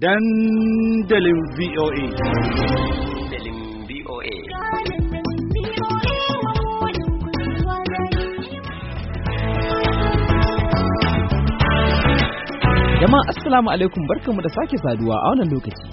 dandalin VOA. Dandalin VOA. Jama'a Assalamu alaikum barkanmu da sake saduwa a wannan lokaci.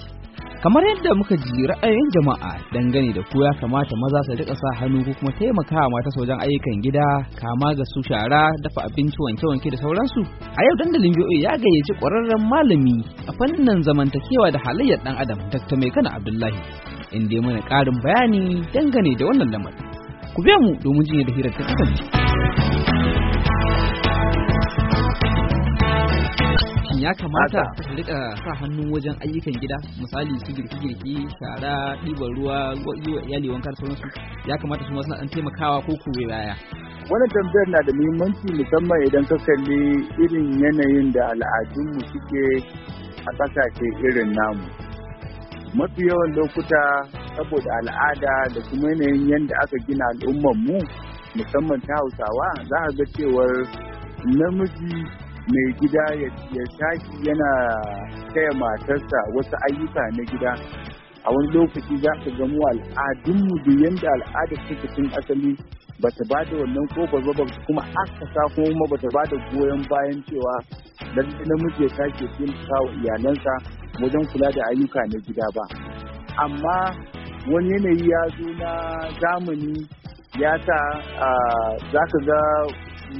kamar yadda muka ji ra'ayin jama'a dangane da ko ya kamata maza su rika sa hannu ko kuma taimakawa mata wajen ayyukan gida kama ga su shara dafa abinci wanke-wanke da sauransu a yau dandalin biyo ya gayyaci ƙwararren malami a fannin zamantakewa da halayyar ɗan adam dr kana abdullahi inda ya mana ƙarin bayani dangane da wannan lamarin ku biya mu domin jin da hirar ta kasance ya kamata su rika sa hannu wajen ayyukan gida misali su girki-girki shara ɗiban ruwa yi wa iyali wanka sauransu ya kamata su masu ɗan taimakawa ko kure baya wannan tambayar na da muhimmanci musamman idan ka kalli irin yanayin da al'adunmu suke a ƙasashe irin namu mafi yawan lokuta saboda al'ada da kuma yanayin yadda aka gina al'ummar mu musamman ta hausawa za a ga cewar namiji mai gida ya tashi yana taya matarsa wasu ayyuka na gida a wani lokaci za ka ga mu al'adunmu da yadda al'adar take asali ba ta ba da wannan kofar ba kuma aka sa kuma ba ta ba da goyon bayan cewa lallai namiji ya tashi ya kawo iyalansa wajen kula da ayyuka na gida ba amma wani yanayi ya zo na zamani ya sa ah, za ka ga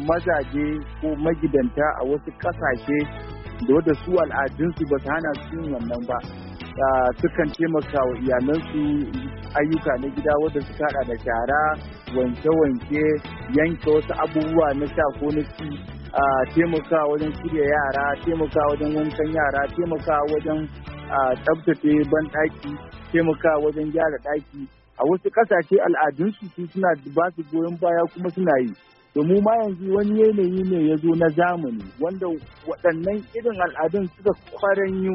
mazaje ko magidanta a wasu kasashe da wadda su al'adunsu ba su hana su wannan ba ah, sukan taimaka wa iyalansu ayyuka na gida wadda su kada da shara wanke-wanke yanke wasu abubuwa na sha ko na ci ah, taimaka wajen shirya yara taimaka wajen wankan yara taimaka wajen ah, tsabtace ban ɗaki taimaka wajen gyara ɗaki a wasu ƙasashe al'adunsu su suna ba su goyon baya kuma suna yi to mu ma yanzu wani yanayi ne ya zo na zamani wanda waɗannan irin al'adun suka kwaranyu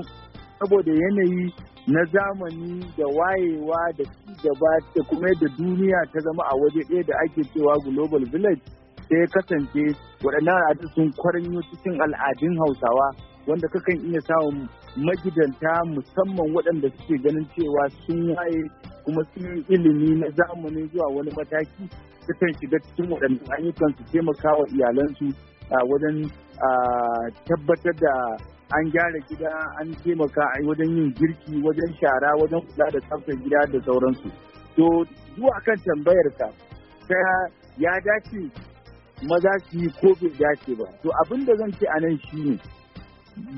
saboda yanayi na zamani da wayewa da gaba da kuma yadda duniya ta zama a waje ɗaya da ake cewa global village sai ya kasance waɗannan al'adun sun kwaranyo cikin al'adun hausawa wanda kakan iya samun magidanta musamman waɗanda suke ganin cewa sun waye kuma sun ilimi na zamani zuwa wani mataki sukan shiga cikin waɗannan ayyukan su taimaka wa iyalansu wajen tabbatar da an gyara gida an taimaka wajen yin girki wajen shara wajen kula da tsaftar gida da sauransu to zuwa kan tambayar ka ta ya dace maza su yi ko bai dace ba to abin da zan ce a nan shi ne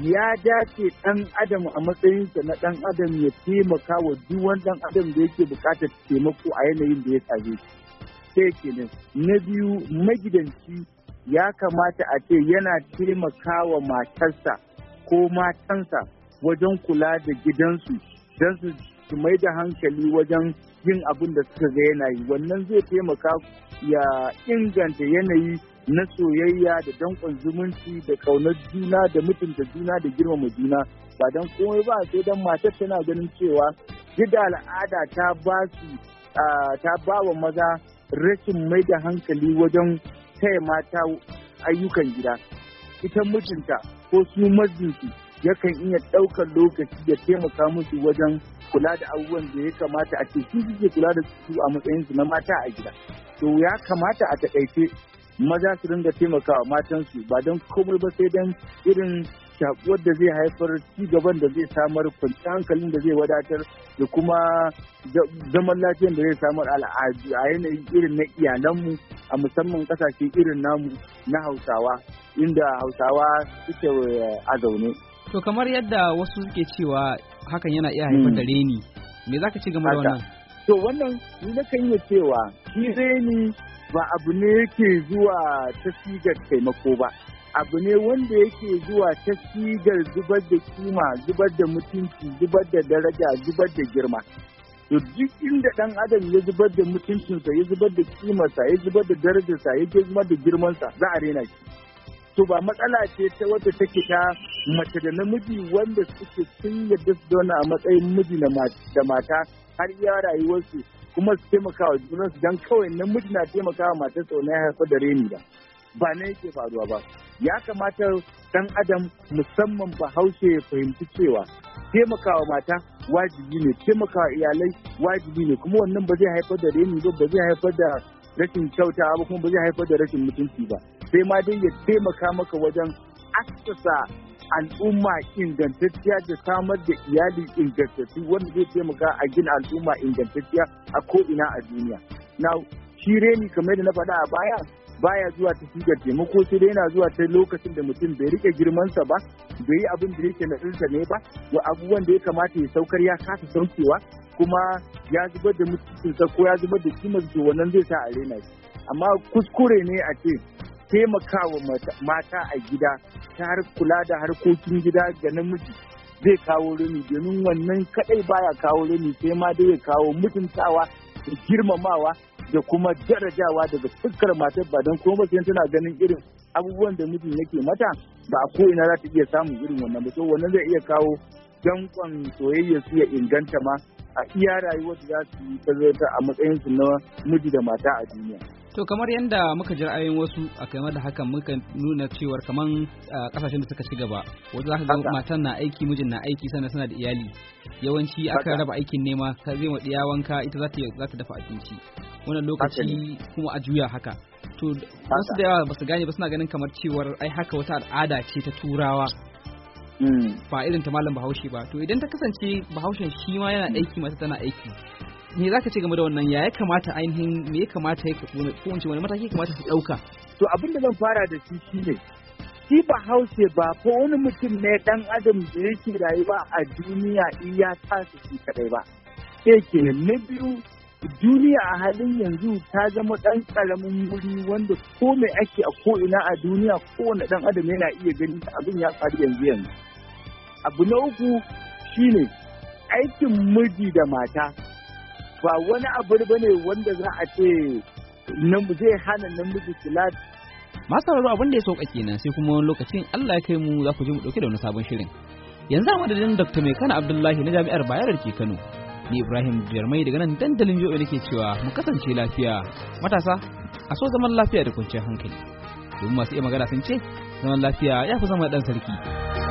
ya dace ɗan adam a matsayinsa na ɗan adam ya taimaka wa duk wani ɗan adam da yake buƙatar taimako a yanayin da ya tsage shi ɗaya kenan na biyu magidanci ya kamata a ce yana taimakawa matarsa ko matansa wajen kula da gidansu don su mai da hankali wajen yin abin da suka ga yana yi wannan zai taimaka ya inganta yanayi na soyayya da danƙon zumunci da ƙaunar juna da mutunta juna da girmama juna ba don komai ba sai don matar tana ganin cewa gida al'ada ta ah, ta ba wa maza rashin mai da hankali wajen taya mata ayyukan gida ita mijinta ko su mazinsu yakan iya ɗaukar lokaci ya taimaka musu wajen kula da abubuwan da ya kamata a ce su suke kula da su a matsayinsu na mata a gida to ya kamata a taƙaice maza su dinga taimakawa matansu ba don komai ba sai don irin shakuwar da zai haifar ci gaban da zai samar kwanci hankalin da zai wadatar da kuma zaman lafiyar da zai samar al'adu a yanayin irin na iyalanmu a musamman kasashe irin namu na hausawa inda hausawa suke eh, a zaune. to kamar yadda wasu suke cewa hakan yana iya haifar da hmm. reni me za ka ci gaba da wannan to wannan ni na kan iya cewa shi reni ba abu ne yake zuwa ta sigar taimako ba abu ne wanda yake zuwa ta sigar zubar da kima zubar da mutunci zubar da daraja zubar da girma to duk inda dan adam ya zubar da mutuncinsa ya zubar da kimarsa ya zubar da darajarsa ya zubar da girmansa za a rena shi to ba matsala ce ta wadda take ta mace da namiji wanda suke sun yadda su zauna a matsayin miji da mata har iya rayuwarsu kuma su taimaka wa junansu don kawai namiji na taimaka wa matarsa wani haifar da reni ba ba na yake faruwa ba ya kamata dan adam musamman bahaushe ya fahimci cewa taimakawa mata wajibi ne taimakawa iyalai wajibi ne kuma wannan ba zai haifar da reni ba ba zai haifar da rashin kyauta ba kuma ba zai haifar da rashin mutunci ba sai ma dai ya taimaka maka wajen assasa al'umma ingantacciya da samar da iyali ingantattu wanda zai taimaka a gina al'umma ingantacciya a ko'ina a duniya. Na shi reni kamar da na faɗa a baya baya zuwa ta sigar taimako sai dai yana zuwa ta lokacin da mutum bai rike girmansa ba bai yi abin da yake na ne ba wa abubuwan da ya kamata ya saukar ya kasa saukewa kuma ya zubar da mutuncinsa ko ya zubar da kimar to wannan zai sa a rena shi amma kuskure ne a ce taimakawa mata a gida ta har kula da harkokin gida ga namiji zai kawo rami domin wannan kadai baya kawo rami sai ma dai ya kawo mutuntawa da girmamawa da kuma darajawa daga fuskar matar ba don kuma sai tana ganin irin abubuwan da mijin yake mata ba a ko'ina za ta iya samun irin wannan ba to wannan zai iya kawo dankon soyayya su ya inganta ma a iya rayuwar da za su yi ta a matsayin su na miji da mata a duniya. To kamar yadda muka ji ra'ayin wasu a kai da hakan muka nuna cewar kaman kasashen da suka ci gaba wajen za ka ga matan na aiki mijin na aiki sannan suna da iyali yawanci aka raba aikin nema ka zai ma wanka ita za ta dafa abinci wannan lokaci kuma a juya haka to wasu da yawa basu gane ba suna ganin kamar cewar ai haka wata al'ada ce ta turawa hmm. ba irin ta malam bahaushe ba to idan ta kasance bahaushen shi ma yana aiki mata tana aiki me za ka ce game da wannan ya kamata ainihin me ya kamata ya ko in wani mataki kamata su ɗauka to abin da zan fara da shi shine shi bahaushe ba ko wani mutum ne dan adam da yake rayuwa a duniya iya tasu su kadai ba sai ke na biyu duniya a halin yanzu ta zama ɗan ƙaramin wuri wanda ko mai ake a ko'ina a duniya kowane dan adam yana iya ganin abin ya faru yanzu yanzu abu na uku shine aikin miji da mata ba wani abu ba ne wanda za a ce zai hana namiji kula masu sauraro abin da ya sauka kenan sai kuma wani lokacin Allah ya kai mu za ku ji mu dauke da wani sabon shirin yanzu a madadin Dr. Maikana Abdullahi na Jami'ar Bayar ke Kano ni Ibrahim Jarmai daga nan dandalin jo'o nake cewa mu kasance lafiya matasa a so zaman lafiya da kwanciyar hankali domin masu iya magana sun ce zaman lafiya ya fi zama dan sarki.